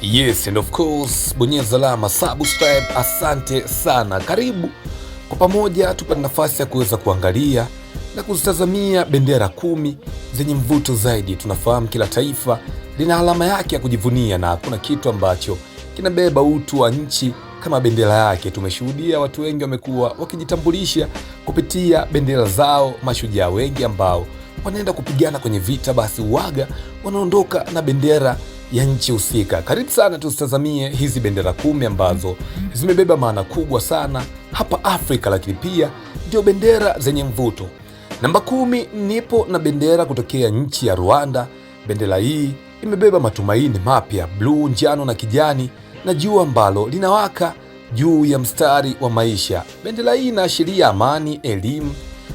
Yes, and of course, bonyeza alama subscribe. Asante sana, karibu kwa pamoja tupate nafasi ya kuweza kuangalia na kuzitazamia bendera kumi zenye mvuto zaidi. Tunafahamu kila taifa lina alama yake ya kujivunia na hakuna kitu ambacho kinabeba utu wa nchi kama bendera yake. Tumeshuhudia watu wengi wamekuwa wakijitambulisha kupitia bendera zao, mashujaa wengi ambao wanaenda kupigana kwenye vita, basi waga wanaondoka na bendera ya nchi husika. Karibu sana, tuzitazamie hizi bendera kumi ambazo zimebeba maana kubwa sana hapa Afrika, lakini pia ndio bendera zenye mvuto. Namba kumi, nipo na bendera kutokea nchi ya Rwanda. Bendera hii imebeba matumaini mapya, bluu, njano na kijani na jua ambalo linawaka juu ya mstari wa maisha. Bendera hii inaashiria amani, elimu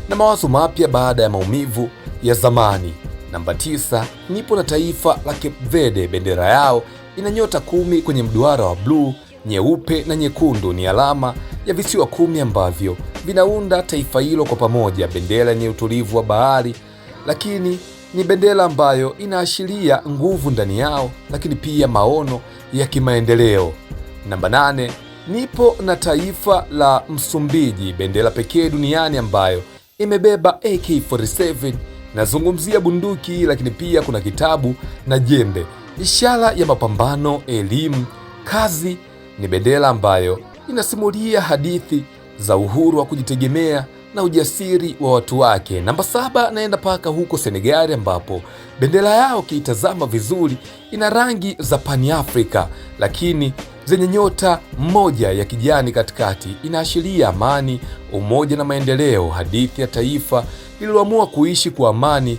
na mawazo mapya baada ya maumivu ya zamani. Namba tisa, nipo na taifa la Cape Verde. Bendera yao ina nyota kumi kwenye mduara wa bluu, nyeupe na nyekundu. Ni alama ya visiwa kumi ambavyo vinaunda taifa hilo kwa pamoja. Bendera yenye utulivu wa bahari, lakini ni bendera ambayo inaashiria nguvu ndani yao, lakini pia maono ya kimaendeleo. Namba nane, nipo na taifa la Msumbiji, bendera pekee duniani ambayo imebeba AK47 Nazungumzia bunduki, lakini pia kuna kitabu na jembe, ishara ya mapambano, elimu, kazi. Ni bendera ambayo inasimulia hadithi za uhuru wa kujitegemea na ujasiri wa watu wake. Namba saba, naenda mpaka huko Senegali ambapo bendera yao ukiitazama vizuri ina rangi za Pan-Afrika lakini zenye nyota moja ya kijani katikati, inaashiria amani, umoja na maendeleo. Hadithi ya taifa lililoamua kuishi kwa amani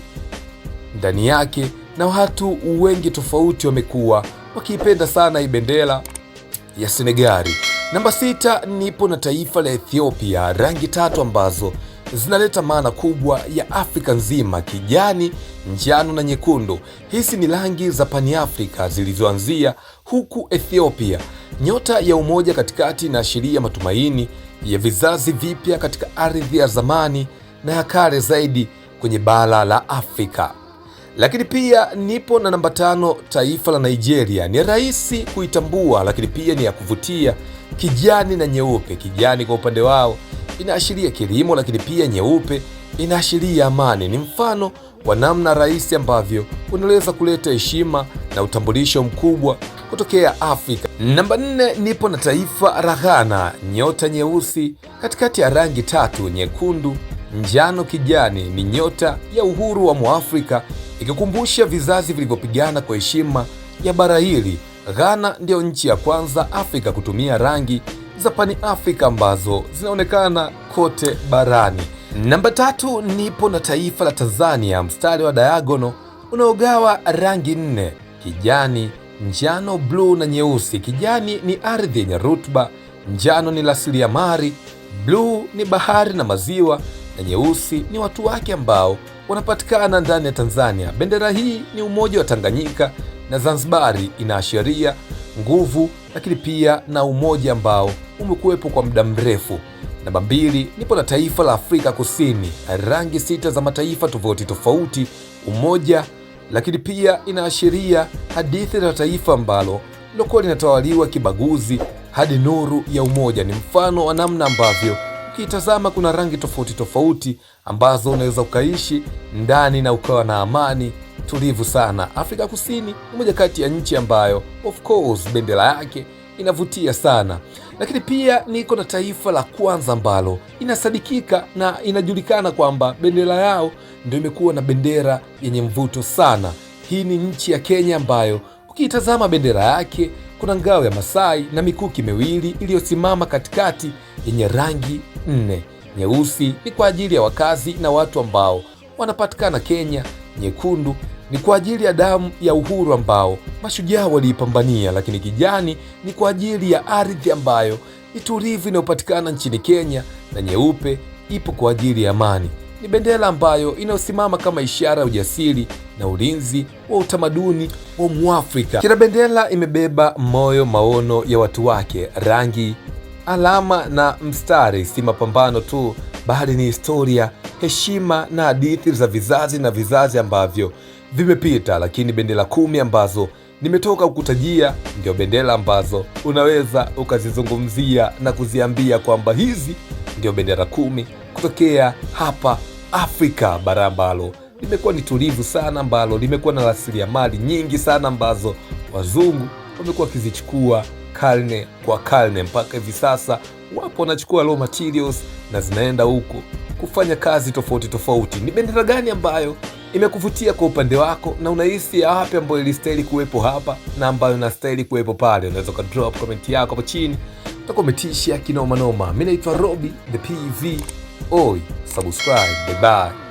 ndani yake, na watu wengi tofauti wamekuwa wakiipenda sana hii bendera ya Senegali. Namba sita, nipo na taifa la Ethiopia, rangi tatu ambazo zinaleta maana kubwa ya Afrika nzima: kijani, njano na nyekundu. Hizi ni rangi za Pan-Afrika zilizoanzia huku Ethiopia. Nyota ya umoja katikati inaashiria matumaini ya vizazi vipya katika ardhi ya zamani na ya kale zaidi kwenye bara la Afrika. Lakini pia nipo na namba tano, taifa la Nigeria. Ni rahisi kuitambua, lakini pia ni ya kuvutia, kijani na nyeupe. Kijani kwa upande wao inaashiria kilimo, lakini pia nyeupe inaashiria amani. Ni mfano wa namna rahisi ambavyo unaweza kuleta heshima na utambulisho mkubwa kutokea Afrika. Namba nne, nipo na taifa la Ghana, nyota nyeusi katikati ya rangi tatu, nyekundu Njano kijani ni nyota ya uhuru wa Mwafrika, ikikumbusha vizazi vilivyopigana kwa heshima ya bara hili. Ghana ndiyo nchi ya kwanza Afrika kutumia rangi za Pani afrika ambazo zinaonekana kote barani. Namba tatu, nipo na taifa la Tanzania, mstari wa diagono unaogawa rangi nne: kijani, njano, bluu na nyeusi. Kijani ni ardhi yenye rutuba, njano ni rasilimali, bluu ni bahari na maziwa na nyeusi ni watu wake ambao wanapatikana ndani ya Tanzania. Bendera hii ni umoja wa Tanganyika na Zanzibari, inaashiria nguvu, lakini pia na umoja ambao umekuwepo kwa muda mrefu. Namba mbili, nipo na taifa la Afrika Kusini, rangi sita za mataifa tofauti tofauti, umoja, lakini pia inaashiria hadithi la taifa ambalo lilokuwa linatawaliwa kibaguzi hadi nuru ya umoja. Ni mfano wa namna ambavyo ukitazama kuna rangi tofauti tofauti ambazo unaweza ukaishi ndani na ukawa na amani tulivu sana. Afrika Kusini ni moja kati ya nchi ambayo of course bendera yake inavutia sana, lakini pia niko na taifa la kwanza ambalo inasadikika na inajulikana kwamba bendera yao ndio imekuwa na bendera yenye mvuto sana. Hii ni nchi ya Kenya ambayo ukiitazama bendera yake kuna ngao ya Masai na mikuki miwili iliyosimama katikati yenye rangi nne. Nyeusi ni kwa ajili ya wakazi na watu ambao wanapatikana Kenya. Nyekundu ni kwa ajili ya damu ya uhuru ambao mashujaa waliipambania, lakini kijani ni kwa ajili ya ardhi ambayo ni tulivu inayopatikana nchini Kenya, na nyeupe ipo kwa ajili ya amani ni bendera ambayo inayosimama kama ishara ya ujasiri na ulinzi wa utamaduni wa Mwafrika. Kila bendera imebeba moyo, maono ya watu wake, rangi, alama na mstari. Si mapambano tu, bali ni historia, heshima na hadithi za vizazi na vizazi ambavyo vimepita. Lakini bendera kumi ambazo nimetoka kukutajia ndio bendera ambazo unaweza ukazizungumzia na kuziambia kwamba hizi ndio bendera kumi kutokea hapa Afrika, bara ambalo limekuwa ni tulivu sana, ambalo limekuwa na rasilimali nyingi sana ambazo wazungu wamekuwa wakizichukua karne kwa karne, mpaka hivi sasa wapo wanachukua raw materials na zinaenda huko kufanya kazi tofauti tofauti. Ni bendera gani ambayo imekuvutia kwa upande wako na unahisi yapi ambayo ilistahili kuwepo hapa na ambayo inastahili kuwepo pale? Unaweza ka drop comment yako hapo chini, na kometisha kinoma noma. Mi naitwa Robi the PV. Oy, subscribe. Bye-bye.